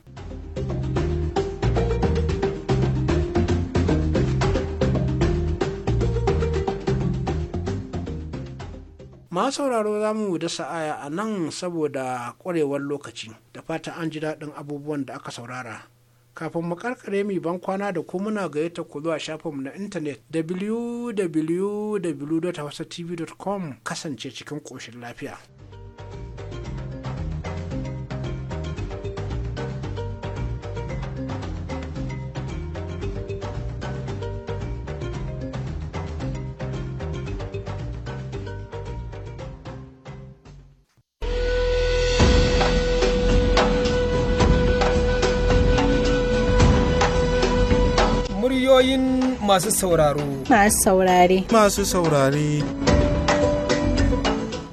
ma sauraro za mu da sa'aya a nan saboda ƙwarewar lokaci da fata an ji daɗin abubuwan da aka saurara kafin mu karkare mi ban kwana da ku muna gayyata ku zuwa shafinmu na intanet www.hausatv.com kasance cikin koshin lafiya. Muryoyin masu sauraro. Masu saurare. Masu saurare.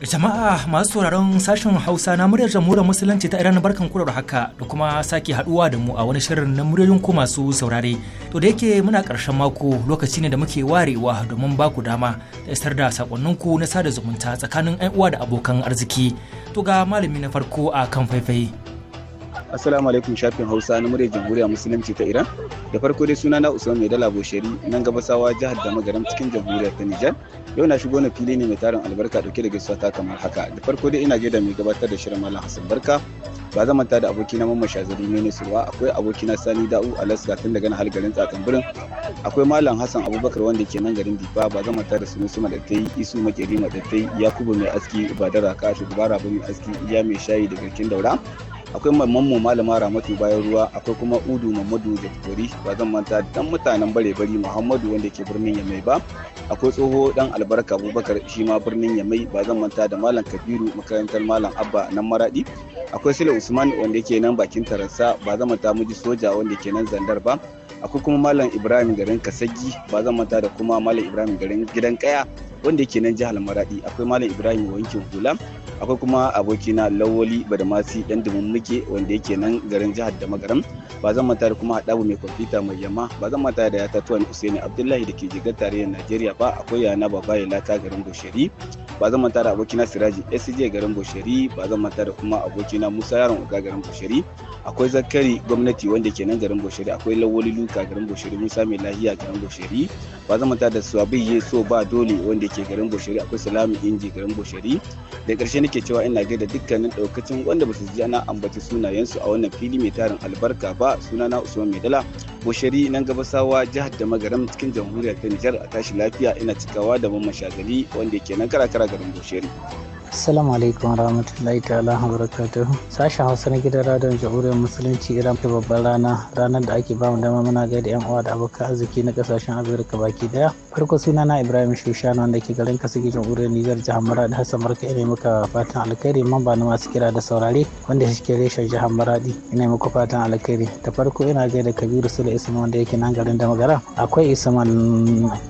Jama'a masu sauraron sashen Hausa na muryar jamhuriyar Musulunci ta Iran barkan da haka da kuma sake haduwa da mu a wani shirin na muryoyin ku masu saurare. To da yake muna karshen mako lokaci ne da muke warewa domin ba ku dama da isar da sakonninku na sada zumunta tsakanin 'yan uwa da abokan arziki. To ga malami na farko a kan faifai. Assalamu alaikum shafin Hausa na murya Jamhuriyar Musulunci ta Iran. Da farko dai suna na Usman Mai Dala Bosheri nan gabasawa jihar Damagaram cikin Jamhuriyar ta Nijar. Yau na shigo na fili ne mai tarin albarka dauke da gaisuwa ta kamar haka. Da farko dai ina gaida mai gabatar da shirin Malam Hassan Barka. Ba zama ta da abokina Mamman Shazali ne Surwa akwai abokina Sani Da'u Alaska tun daga har garin Tsakan Birin. Akwai Malam Hassan Abubakar wanda ke nan garin Difa ba zama ta da ta yi Isu Makeri Madattai Yakubu Mai Aski Ibadar Raka Shugaba Rabu Aski Iya Mai Shayi da Garkin Daura. akwai mamman mu malama ramatu bayan ruwa akwai kuma udu mamadu jaktori ba zan manta dan mutanen bare bari muhammadu wanda ke birnin yamai ba akwai tsoho dan albarka abubakar shi ma birnin yamai ba zan manta da malam kabiru makarantar malam abba nan maradi akwai sule usman wanda ke nan bakin taransa ba zan manta muji soja wanda ke nan zandar ba akwai kuma malam ibrahim garin kasagi ba zan manta da kuma malam ibrahim garin gidan kaya wanda yake nan jihar maradi akwai malam ibrahim wankin hula akwai kuma abokina lawoli badamasi dan dumin muke wanda yake nan garin jihar da magaram ba zan manta da kuma haɗabu mai kwamfuta mai yamma ba zan manta da yata tuwan usaini abdullahi da ke jigar tarayyar najeriya ba akwai yana baba ya lata garin gosheri ba zan manta da abokina siraji scj garin gosheri ba zan manta da kuma abokina musa yaron uga garin gosheri akwai zakari gwamnati wanda ke nan garin gosheri akwai lawoli luka garin gosheri musa mai lahiya garin gosheri ba zan ta da abin ya so ba dole wanda ke garin bushari akwai salamu inji garin bushari da karshe nake cewa ina gaida dukkanin daukacin wanda ba su ji ana ambaci sunayensu a wannan fili mai tarin albarka ba suna na usman maidala bushari nan gabasawa jihar da magaram cikin jamhuriyar ta nijar a tashi lafiya ina cikawa da mamman shagali wanda ke nan karakara garin bushari Assalamu alaikum warahmatullahi ta'ala barakatuh. Sashen Hausa na gidan radon jamhuriyar Musulunci Iran ta babbar rana ranar da ake ba mu dama muna gaida yan uwa da abokan arziki na kasashen Afirka baki baki daya farko suna na ibrahim shushana wanda ke garin kasige wurin nijar jihar maradi hassan barka ina muka fatan alkhairi man ba na masu kira da saurare wanda shi ke reshen jihar maradi ina muka fatan alkhairi ta farko ina gaida kabiru su da isma wanda yake nan garin da magara akwai isman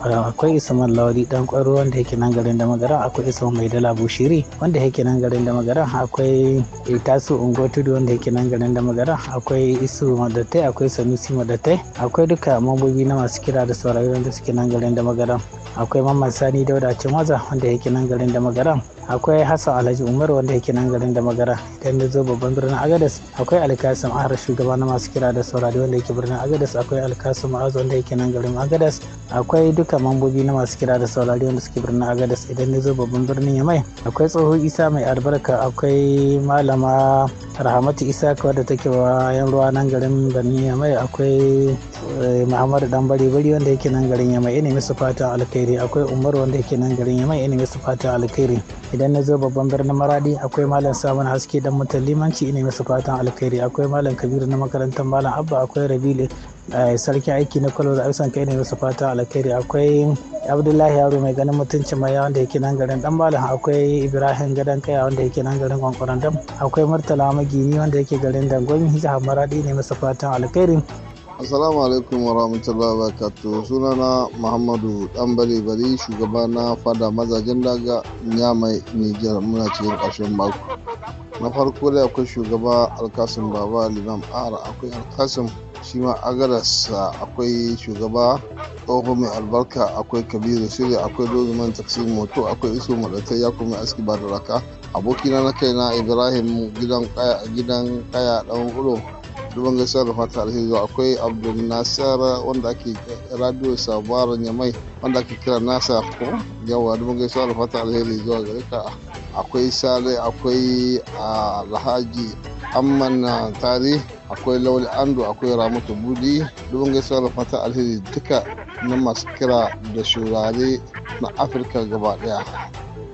akwai isman lawali dan kwaro wanda yake nan garin da magara akwai isman mai dala bushiri wanda yake nan garin da magara akwai tasu ungo tudu wanda yake nan garin da magara akwai isu madatai akwai sanusi madatai akwai duka mambobi na masu kira da saurare wanda suke nan garin da magaram akwai mamman sani dauda cimaza wanda yake nan garin da magaram akwai hassan alhaji umar wanda yake nan garin da magara idan da zo babban birnin agadas akwai alkasim ahar shugaba na masu kira da saurari wanda yake birnin agadas akwai alkasim ma'azu wanda yake nan garin agadas akwai duka mambobi na masu kira da saurari wanda suke birnin agadas idan da zo babban birnin yamai akwai tsoho isa mai albarka akwai malama rahamatu isa wadda take bayan ruwa nan garin birnin yamai akwai eh, muhammadu dan bari bari wanda yake nan garin yamai mai ina masu fata alkhairi akwai umaru wanda yake nan garin yamai ina masu fata alkhairi idan na zo babban birnin maradi akwai malam samun haske dan mutan limanci ina masu fatan alkhairi akwai malam kabiru na makarantar malam abba akwai rabile eh, sarki aiki na da aisan kai ne masu fata alkhairi akwai abdullahi yaro mai ganin mutuncin maya wanda yake nan garin dan malam akwai ibrahim gadan kaya wanda yake nan garin kwankwaran dam akwai murtala magini wanda yake garin dangwami jihar maradi ne masu fatan alkhairi asalamu alaikum wa rahmatullahi wa barakatu sunana Muhammadu dan Bari shugaba na fada mazajen daga Nyamai Nijar muna cikin ƙarshen mako. Na farko da akwai shugaba Alkasim Baba Limam Ara akwai Alkasim shi ma agarasa akwai shugaba tsoho mai albarka akwai kabiru shirya akwai dozuman taksi moto akwai iso maɗatai ya kuma aski ba da raka abokina na kaina ibrahim gidan kaya ɗan ulo duban gaisuwa da fata alheri akwai abdul nasar wanda ake radio sabarin yamai wanda ake kira nasa ko yawa duban gaisuwa da fata alheri zuwa gare ka akwai sale akwai alhaji amman tari akwai lauli ando akwai ramatu budi duban gaisuwa da fata alheri duka na masu kira da shurare na afirka gaba daya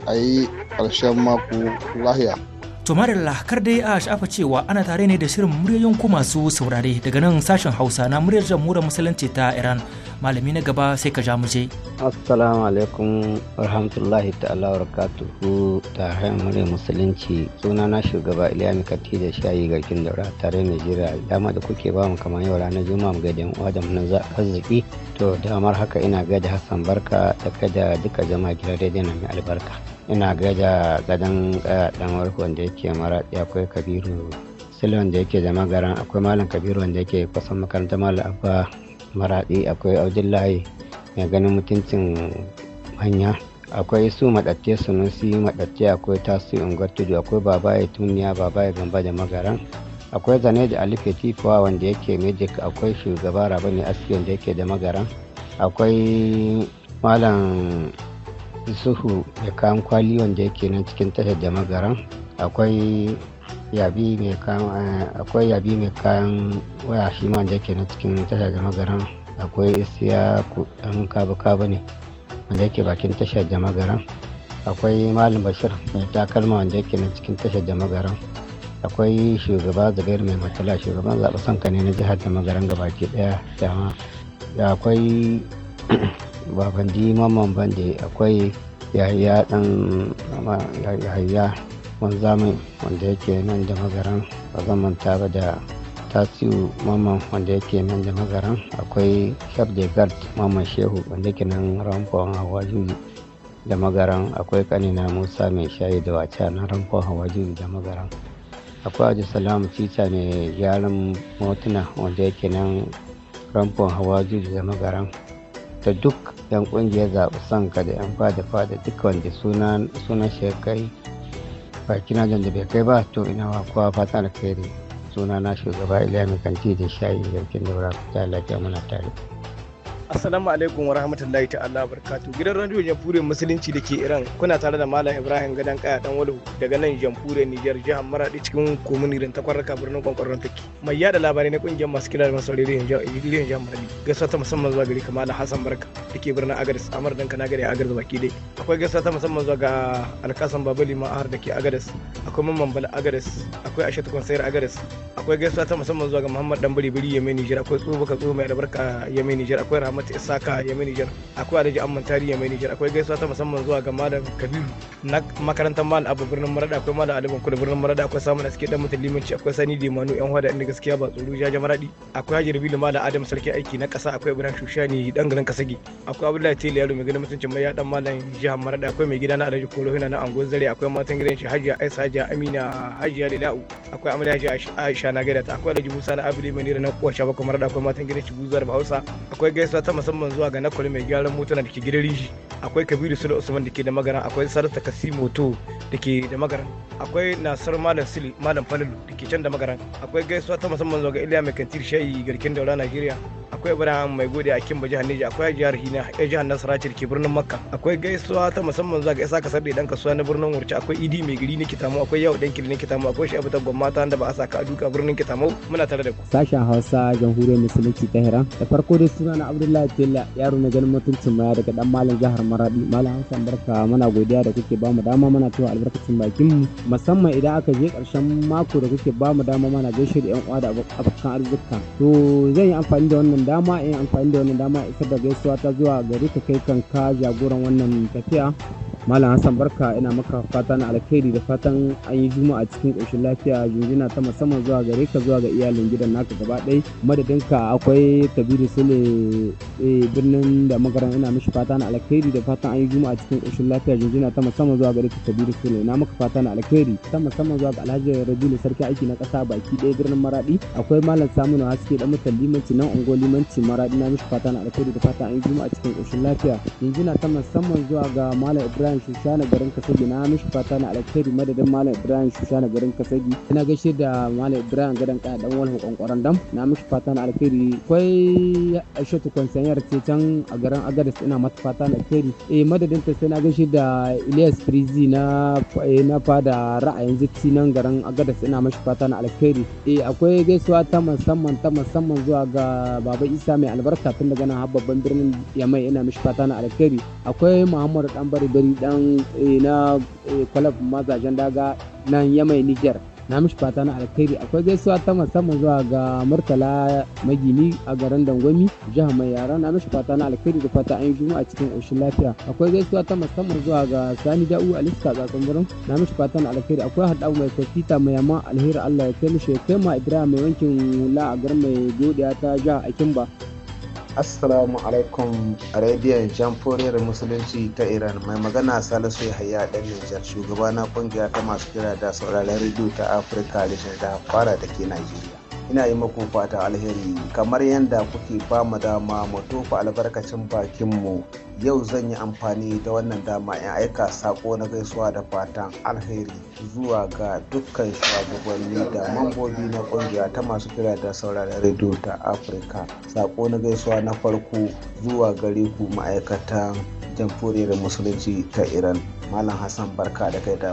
a yi ƙarshen mako lahiya To Marilla kar dai a sha'afa cewa ana tare ne da shirin muryoyin ku masu saurare daga nan sashen Hausa na muryar jamhuriyar musulunci ta Iran. Malami na gaba sai ka ja mu je. Assalamu alaikum warahmatullahi ta'ala barakatuhu muryar musulunci suna na shugaba Iliya Mikati da shayi garkin daura tare Najeriya dama da kuke ba mu kamar yau ranar Juma'a mu gaida uwa da mun arziki to damar haka ina gaida Hassan Barka da kada duka jama'a gidan rediyon mai albarka. ina gaida gadon eh, dan warko wanda yake maraɗi akwai kabiru sule wanda yake da magaran akwai malam kabiru wanda yake kusan makaranta malam abba maraɗi akwai abdullahi mai ganin mutuncin hanya akwai su maɗatte sunusi maɗatte akwai tasu unguwar tudu akwai babaye tuniya babaye gamba da magaran akwai zane da alife tifawa wanda yake magic akwai shugaba rabani aski wanda yake da magaran akwai malam isuhu mai kayan kwali wanda yake nan cikin tashar da magaran eh, akwai yabi mai kayan waya shi ma wanda yake nan cikin tashar da magaran akwai isiya ɗan kabu kabu ne wanda yake bakin tashar da magaran akwai malam bashir mai takalma wanda yake nan cikin tashar da magaran akwai shugaba zubair mai matala shugaban zaɓe sanka ne na jihar da magaran gabaki ɗaya dama akwai babandi mamman da akwai yahaya dan yahaya zamani wanda yake nan da magaran ba zan manta da tasiu mamman wanda yake nan da magaran akwai shaf de gard mamman shehu wanda yake nan ramfon hawa juji da magaran akwai kanina musa mai shayi da wata na ramfon hawa juji da magaran akwai aji salamu cica mai gyaran motuna wanda yake nan ramfon hawa juji da magaran da duk yan kungiyar zaɓi ka da yan fada fada duka wanda suna shi kai bakina da bai kai ba to ina wa kowa fata alkhairi suna na shugaba iliya kanti da shayi yankin da wura ta lafiya muna tare Assalamu alaikum wa rahmatullahi ta'ala barkatu. Gidan radio Jamhuriyar Musulunci da ke Iran kuna tare da Malam Ibrahim Gadan Kaya Dan Walu daga nan Jamhuriyar Niger jihar Maradi cikin komuni da takwarraka birnin Kwankwaron take. Mai yada labarai na kungiyar masu kira da masu rediyon jihar Maradi. Gaisuwa ta musamman zuwa gari Kamala Hassan Barka da ke birnin Agadez Amar dan kana gari Agadez baki dai. Akwai gaisuwa ta musamman zuwa ga Alkasan Babali Ma'ahar da ke Agadez. Akwai Mamman Bala Agadez. Akwai Aishatu Kwansayar Agadez. Akwai gaisuwa ta musamman zuwa ga Muhammad Dan Biri Biri Yemen Niger. Akwai Tsohuwa Tsohuwa Mai Albarka Yemen Niger. Akwai Rahman mace Ahmad Isaka Yamai Niger akwai Alhaji Amman Tari Yamai Niger akwai gaisuwa ta musamman zuwa ga Malam Kabiru na makarantar Malam Abu birnin Marada akwai Malam Ali kudu birnin Marada akwai Samun da suke dan mutum limanci akwai Sani Dimanu yan hada inda gaskiya ba tsoro jaje Maradi akwai Haji Rabilu Malam Adam sarki aiki na kasa akwai Ibrahim Shushani dan garin Kasagi akwai Abdullahi Tele yaro mai ganin mutuncin mai ya dan Malam Jihar Marada akwai mai gida na Alhaji Kolo Hina na Angon Zare akwai matan gidan shi hajji aisa hajji Amina hajji Hajiya Lilau akwai Amina Hajiya Aisha na gaida ta akwai Alhaji Musa na Abdul Manira na Kuwa Shabaka Marada akwai matan gidan shi Buzar Bahausa akwai gaisuwa ta musamman zuwa ga nakwari mai gyaran motuna da ke gidan riji akwai kabiru sule usman da ke da magana akwai sarata kasi moto da ke da magana akwai nasar malam sili malam falilu da ke can da magana akwai gaisuwa ta musamman zuwa ga iliya mai kantir shayi garkin daura nigeria akwai ibrahim mai gode a kimba jihar neja akwai jihar hina a jihar nasara ce da ke birnin makka akwai gaisuwa ta musamman zuwa ga isa kasar da dan kasuwa na birnin wurce akwai idi mai gari ne kitamu akwai yau dan kilin kitamu akwai shi abuta ta da ba a saka a duka birnin kitamu muna tare da ku sashen hausa jamhuriyar musulunci ta hira da farko dai suna na abdullahi wallahi tilla yaro na ganin mutuncin maya daga dan malam jihar maradi malam Hassan barka mana godiya da kuke bamu dama mana cewa albarkacin bakin mu musamman idan aka je karshen mako da kuke bamu dama mana gaishe da yan uwa da abokan arzika to zan yi amfani da wannan dama in amfani da wannan dama isar da gaisuwa ta zuwa gari ka kai kanka jagoran wannan tafiya malam hassan barka ina maka fata na alkhairi da fatan an yi juma'a cikin ƙoshin lafiya jinjina ta musamman zuwa gare ka zuwa ga iyalin gidan naka gaba ɗai madadinka akwai kabiru sule eh, birnin da magaran ina mishi fata na alkhairi da fatan an yi juma'a cikin ƙoshin lafiya jinjina ta musamman zuwa gare ka kabiru sule ina maka fata na alkhairi ta musamman zuwa ga alhaji rabilu sarki aiki na ƙasa baki ɗaya birnin maraɗi. akwai malam saminu haske dan mutan limanci nan ungo limanci maraɗi na mishi fata na alkhairi da fatan an yi juma'a cikin ƙoshin lafiya jinjina ta musamman zuwa ga malam ibrahim Shushana garin Kasagi na mishi fata na alkhairi madadin Malam Ibrahim Shushana garin Kasagi Na gaishe da Malam Ibrahim gadan ka dan wani kwankwaran dam na mishi fata na alkhairi kwai Aishatu Kwansanyar ce can a garin agadis. ina mata fata na alkhairi eh madadin ta sai na gaishe da Ilyas Frizi na eh, na fada ra'ayin zikci nan garin agadis. ina mishi fata na alkhairi eh akwai gaisuwa ta musamman ta musamman zuwa ga Baba Isa mai albarka tun daga nan har babban birnin Yamai ina mishi fata na alkhairi akwai Muhammadu Danbari Bari dan eh, na eh, kwalab mazajen daga nan yamai niger na mishi fata na alkhairi akwai gaisuwa ta musamman zuwa ga murtala magini a garin dangwami jihar mai yara na mishi fata na alkhairi da fata an yi a cikin ƙoshin lafiya akwai gaisuwa ta musamman zuwa ga sani da'u a lista tsatsan na mishi fata na alkhairi akwai haɗa mai sofita mai yamma alheri allah ya kai mishi ya kai ma ibrahim mai wankin hula a garin mai godiya ta jihar akimba Assalamu alaikum Arabian jamforiyar Musulunci ta Iran mai magana Salisu Yahaya dan Nijar shugaba na kungiya ta masu kira da sauraron rediyo ta Afirka da fara da ke Najeriya. ina yi muku fata alheri kamar yadda kuke bamu dama mu tofa albarkacin bakinmu yau zan yi amfani da wannan dama in aika sako na gaisuwa da fatan alheri zuwa ga dukkan shugabanni da mambobi na kungiya ta masu kira da sauraron rediyo ta afirka sako na gaisuwa na farko zuwa gare ku ma'aikatan jamhuriyar musulunci ta iran malam hassan barka da kai da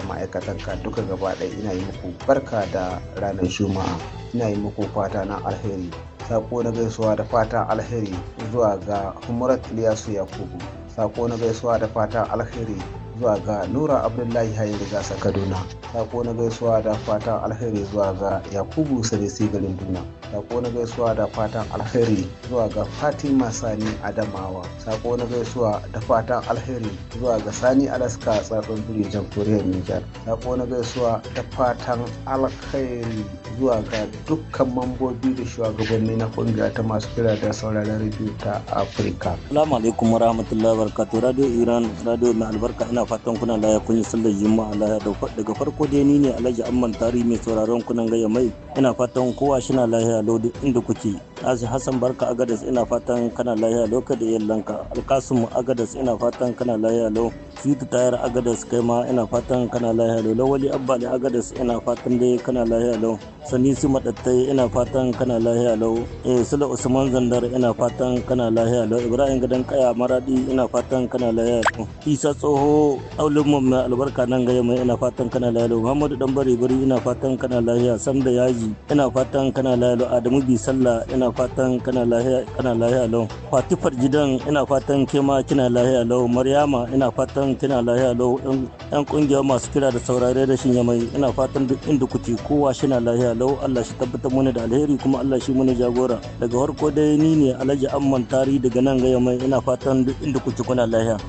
ka duka gaba ɗaya ina yi muku barka da ranar juma'a ina yi muku fata na alheri sako na gaisuwa da fatan alheri zuwa ga humrat iliyasu yakubu sako na gaisuwa da fatan alheri zuwa ga nura abdullahi hayar gasa kaduna sako na gaisuwa da fatan alheri zuwa ga yakubu sarisi garin duna sako na gaisuwa da fatan alheri zuwa ga fatima sani adamawa sako na gaisuwa da fatan alheri zuwa ga sani alaska tsatsun biri jamhuriyar nijar sako na gaisuwa da fatan alheri zuwa ga dukkan mambobi da shugabanni na kungiya ta masu kira da sauran rediyo ta Afirka. Assalamu alaikum warahmatullahi wabarakatuh. Radio Iran radio mai albarka ina fatan kuna laya kun yi sallar juma'a laya daga farko dai ni ne Alhaji Amman Tari mai sauraron kunan gaya mai ina fatan kowa shina lahiya lodi inda kuke. Azi Hassan Barka Agadas ina fatan kana lahiya lau da lanka Alkasum Agadas ina fatan kana lahiya lau. Fitu Tayar Agadas kai ma ina fatan kana lahiya lau. Lawali Abba Agadas ina fatan dai kana lahiya lau. Salisu matattai ina fatan kana lahiya lau. Eh Sula Usman Zandar ina fatan kana lahiya lau. Ibrahim Gadan Kaya Maradi ina fatan kana lahiya lau. Isa Tsoho Aulun mu mai albarka nan gaya mai ina fatan kana lahiya lau. Muhammadu Dan Bari Bari ina fatan kana lahiya. da Yaji ina fatan kana lahiya lau. Adamu Bi Sallah ina fatan kana lahiya kana lahiya lau. Fatifar Gidan ina fatan kema kina lahiya lau. Maryama ina fatan kina lahiya lau. Yan kungiyar masu kira da saurare da shin mai ina fatan duk inda kuke kowa shi na lahiya lau Allah shi tabbatar mana da alheri kuma Allah shi mana jagora daga farko dai ni ne Alhaji Amman Tari daga nan gaya mai ina fatan duk inda kuke kuna lafiya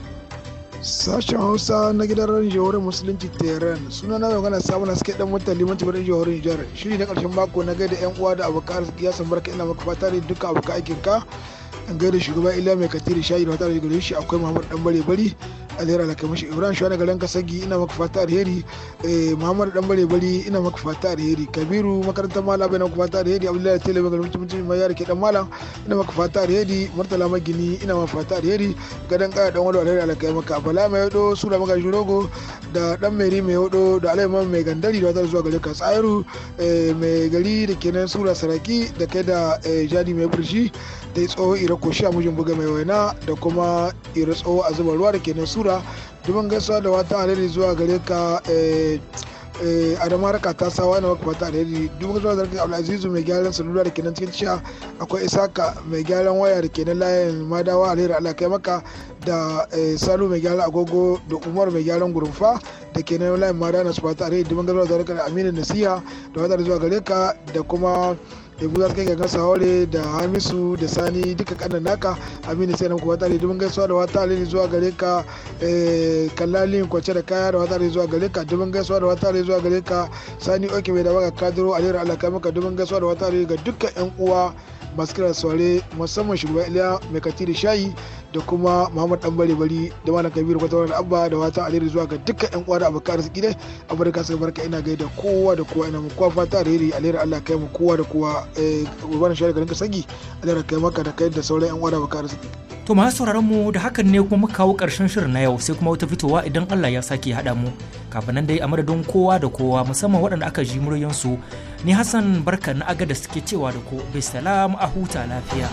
Sashen Hausa na gidan ran jihohin Musulunci Tehran suna na magana sabon suke dan mutan limanci barin jihohin Nijar shiri na karshen mako na gaida yan uwa da abokan arziki ya barka ina maka fata ne duka abokan aikin ka in gaida shugaba ila mai katiri shayi da wata da gare shi akwai muhammad dan bare bari alheri alakamashi ibrahim shuwa daga lanka sagi ina maka fata alheri eh, muhammad dan bare bari ina maka fata alheri kabiru makarantar bai na maka fata alheri abdullahi tele mai mutum mutum mai yara ke dan malam ina maka fata alheri murtala magini ina maka fata alheri gadan kaya dan wani alheri alakai maka bala mai yado sura maka jurogo da dan meri mai yado da alaiman mai gandari da wata zuwa gare ka tsayaru eh, mai gari da kenan sura saraki da kai da eh, jadi mai burshi da tsoho ira koshi a mujin buga mai waina da kuma iri tsawo a zuba ruwa da ke sura dubin gaisuwa da wata alheri zuwa gare ka eh, eh, da maraka ta sawa na waka fata yadda dubin gaisuwa da rikin abdulazizu mai gyaran salula da kenan cikin ciya akwai isaka mai gyaran waya da kenan layin madawa alheri allah kai maka da eh, salu mai gyaran agogo da umar mai gyaran gurumfa da kenan nan layin madawa na su fata yadda dubin gaisuwa da rikin aminu nasiha da wata zuwa gare ka da kuma Ibu ya kai ga gasa haure da Hamisu da Sani duka kanan naka Aminu sai nan kuwa tare domin gaisuwa da wata alheri zuwa gare ka eh, kallalin kwace da kaya da wata alheri zuwa gare ka domin gaisuwa da wata alheri zuwa gare ka Sani Oke mai da baka kadiro alheri Allah kai maka domin gaisuwa da wata alheri ga dukkan yan uwa masu kiran saurare musamman shugaban Iliya mai katiri shayi da kuma Muhammad Dan Bare Bari da Malam Kabiru Kwatawar Abba da watan alheri zuwa ga dukkan yan uwa da abokan arziki dai Afirka sai barka ina gaida kowa da kowa ina muku fata da alheri alheri Allah kai mu kowa da kowa eh wannan shari'a garin ka sagi kai maka da kai da sauran yan uwa da abokan arziki to ma sauraron mu da hakan ne kuma muka kawo ƙarshen shirin na yau sai kuma wata fitowa idan Allah ya sake haɗa mu kafin nan dai a madadin kowa da kowa musamman waɗanda aka ji muryansu ni Hassan barka na aga da suke cewa da ku bisalam a huta lafiya.